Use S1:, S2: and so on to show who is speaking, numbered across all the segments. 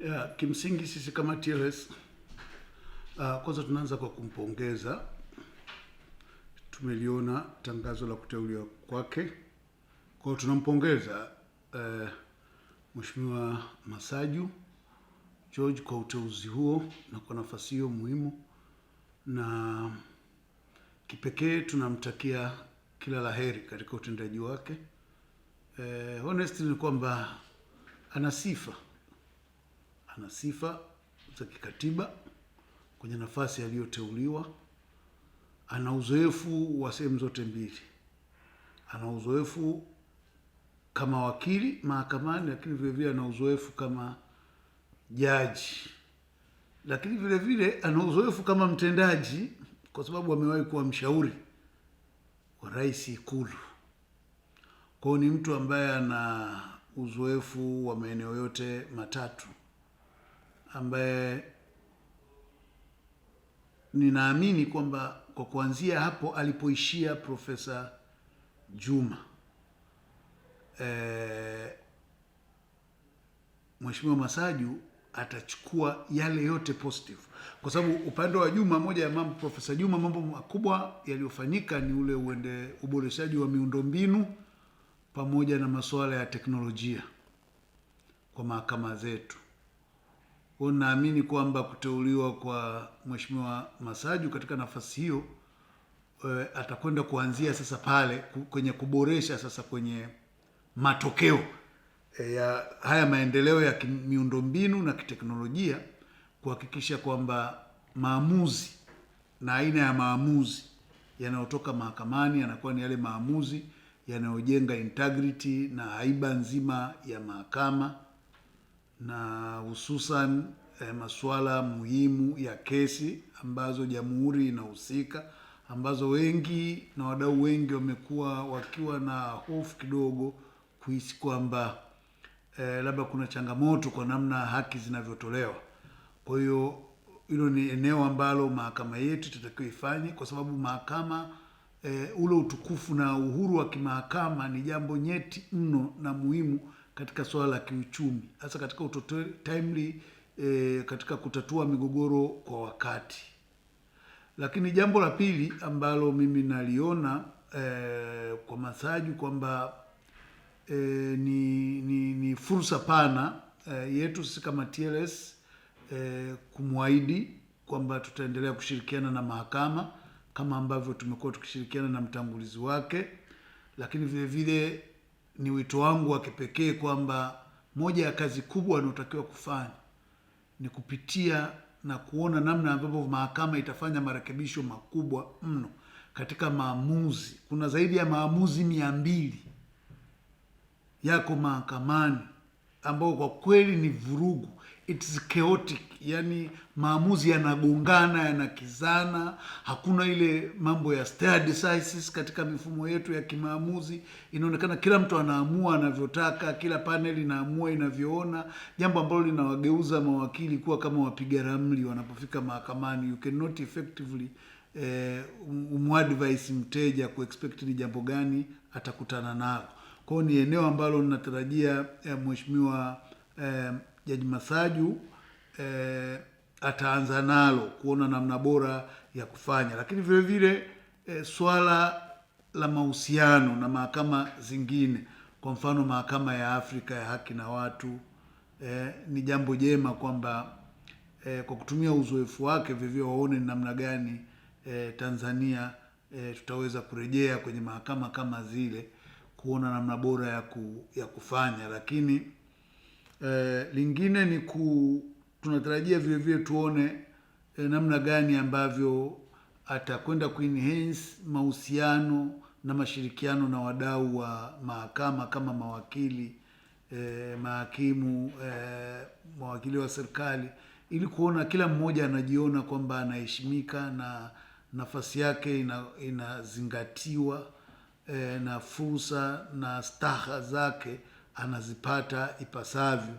S1: Yeah, kimsingi sisi kama TLS uh, ah, kwanza tunaanza kwa kumpongeza. Tumeliona tangazo la kuteuliwa kwake, kwa tunampongeza uh, Mheshimiwa Masaju George kwa uteuzi huo na kwa nafasi hiyo muhimu, na kipekee tunamtakia kila laheri katika utendaji wake. Uh, honestly ni kwamba ana sifa ana sifa za kikatiba kwenye nafasi aliyoteuliwa, ana uzoefu wa sehemu zote mbili, ana uzoefu kama wakili mahakamani, lakini vile vile ana uzoefu kama jaji, lakini vile vile ana uzoefu kama mtendaji, kwa sababu amewahi kuwa mshauri wa rais Ikulu. Kwao ni mtu ambaye ana uzoefu wa maeneo yote matatu ambaye ninaamini kwamba kwa kuanzia hapo alipoishia Profesa Juma e, eh, mweshimiwa Masaju atachukua yale yote positive, kwa sababu upande wa Juma, moja ya mambo Profesa Juma, mambo makubwa yaliyofanyika ni ule uende uboreshaji wa miundombinu pamoja na masuala ya teknolojia kwa mahakama zetu naamini kwamba kuteuliwa kwa Mheshimiwa Masaju katika nafasi hiyo e, atakwenda kuanzia sasa pale kwenye kuboresha sasa kwenye matokeo e, ya haya maendeleo ya miundombinu na kiteknolojia kuhakikisha kwamba maamuzi na aina ya maamuzi yanayotoka mahakamani yanakuwa ni yale maamuzi yanayojenga integrity na haiba nzima ya mahakama na hususan eh, masuala muhimu ya kesi ambazo jamhuri inahusika, ambazo wengi na wadau wengi wamekuwa wakiwa na hofu kidogo kuhisi kwamba eh, labda kuna changamoto kwa namna haki zinavyotolewa. Kwa hiyo hilo ni eneo ambalo mahakama yetu itatakiwa ifanye, kwa sababu mahakama eh, ule utukufu na uhuru wa kimahakama ni jambo nyeti mno na muhimu katika suala la kiuchumi, hasa katika utoto timely e, katika kutatua migogoro kwa wakati. Lakini jambo la pili ambalo mimi naliona e, kwa Masaju kwamba e, ni, ni, ni fursa pana e, yetu sisi kama TLS e, kumwahidi kwamba tutaendelea kushirikiana na mahakama kama ambavyo tumekuwa tukishirikiana na mtangulizi wake, lakini vile vile ni wito wangu wa kipekee kwamba moja ya kazi kubwa inayotakiwa kufanya ni kupitia na kuona namna ambavyo mahakama itafanya marekebisho makubwa mno katika maamuzi. Kuna zaidi ya maamuzi mia mbili yako mahakamani ambao kwa kweli ni vurugu, it's chaotic, yani maamuzi yanagongana, yanakizana, hakuna ile mambo ya stare decisis katika mifumo yetu ya kimaamuzi. Inaonekana kila mtu anaamua anavyotaka, kila paneli inaamua inavyoona, jambo ambalo linawageuza mawakili kuwa kama wapiga ramli wanapofika mahakamani. You cannot effectively eh, umwadvise um, mteja kuexpect ni jambo gani atakutana nalo kwao ni eneo ambalo natarajia eh, mheshimiwa eh, Jaji Masaju eh, ataanza nalo kuona namna bora ya kufanya, lakini vile vile eh, swala la mahusiano na mahakama zingine, kwa mfano mahakama ya Afrika ya haki na watu eh, ni jambo jema kwamba eh, kwa kutumia uzoefu wake vile waone ni namna gani eh, Tanzania eh, tutaweza kurejea kwenye mahakama kama zile kuona namna bora ya, ku, ya kufanya, lakini eh, lingine ni ku, tunatarajia vile vile tuone eh, namna gani ambavyo atakwenda kuenhance mahusiano na mashirikiano na wadau wa mahakama kama mawakili eh, mahakimu eh, mawakili wa serikali ili kuona kila mmoja anajiona kwamba anaheshimika na nafasi yake inazingatiwa ina e, na fursa na staha zake anazipata ipasavyo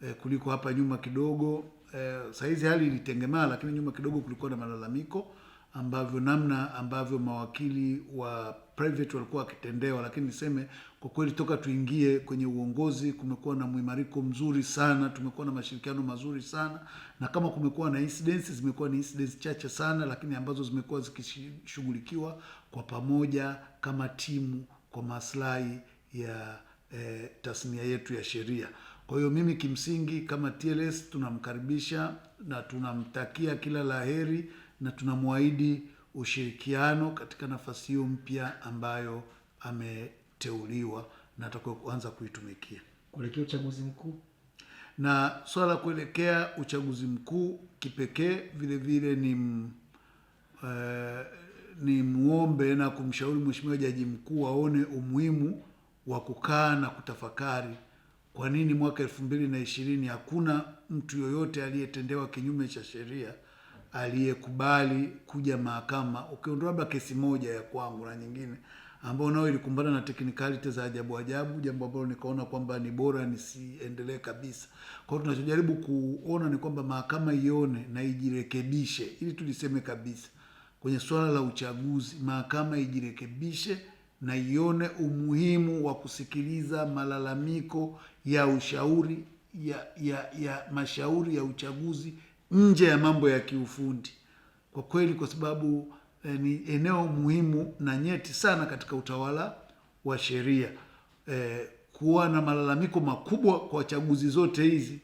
S1: e, kuliko hapa nyuma kidogo. E, saizi hali ilitengemaa, lakini nyuma kidogo kulikuwa na malalamiko ambavyo namna ambavyo mawakili wa private walikuwa wakitendewa, lakini niseme kwa kweli toka tuingie kwenye uongozi kumekuwa na mwimariko mzuri sana, tumekuwa na mashirikiano mazuri sana, na kama kumekuwa na incidents zimekuwa ni incidents chache sana, lakini ambazo zimekuwa zikishughulikiwa kwa pamoja kama timu kwa maslahi ya e, tasnia yetu ya sheria. Kwa hiyo mimi kimsingi kama TLS tunamkaribisha na tunamtakia kila laheri na tunamwahidi ushirikiano katika nafasi hiyo mpya ambayo ameteuliwa na atakuwa kuanza kuitumikia
S2: kuelekea uchaguzi mkuu.
S1: Na swala la kuelekea uchaguzi mkuu kipekee vile vile ni m, e, ni muombe na kumshauri Mheshimiwa Jaji Mkuu aone umuhimu wa kukaa na kutafakari kwa nini mwaka elfu mbili na ishirini hakuna mtu yoyote aliyetendewa kinyume cha sheria aliyekubali kuja mahakama, ukiondoa labda kesi moja ya kwangu na nyingine ambayo nao ilikumbana na technicality za ajabu ajabu, jambo ambalo nikaona kwamba ni bora nisiendelee kabisa. Kwa hiyo tunachojaribu kuona ni kwamba mahakama ione na ijirekebishe, ili tuliseme kabisa kwenye swala la uchaguzi, mahakama ijirekebishe na ione umuhimu wa kusikiliza malalamiko ya ushauri ya, ya, ya mashauri ya uchaguzi nje ya mambo ya kiufundi kwa kweli, kwa sababu eh, ni eneo muhimu na nyeti sana katika utawala wa sheria eh, kuwa na malalamiko makubwa kwa chaguzi zote hizi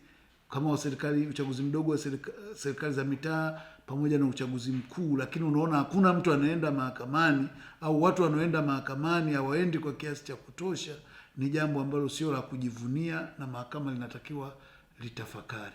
S1: kama wa serikali, uchaguzi mdogo wa serikali, serikali za mitaa pamoja na uchaguzi mkuu, lakini unaona hakuna mtu anaenda mahakamani au watu wanaoenda mahakamani hawaendi kwa kiasi cha kutosha, ni jambo ambalo sio la kujivunia na mahakama linatakiwa litafakari.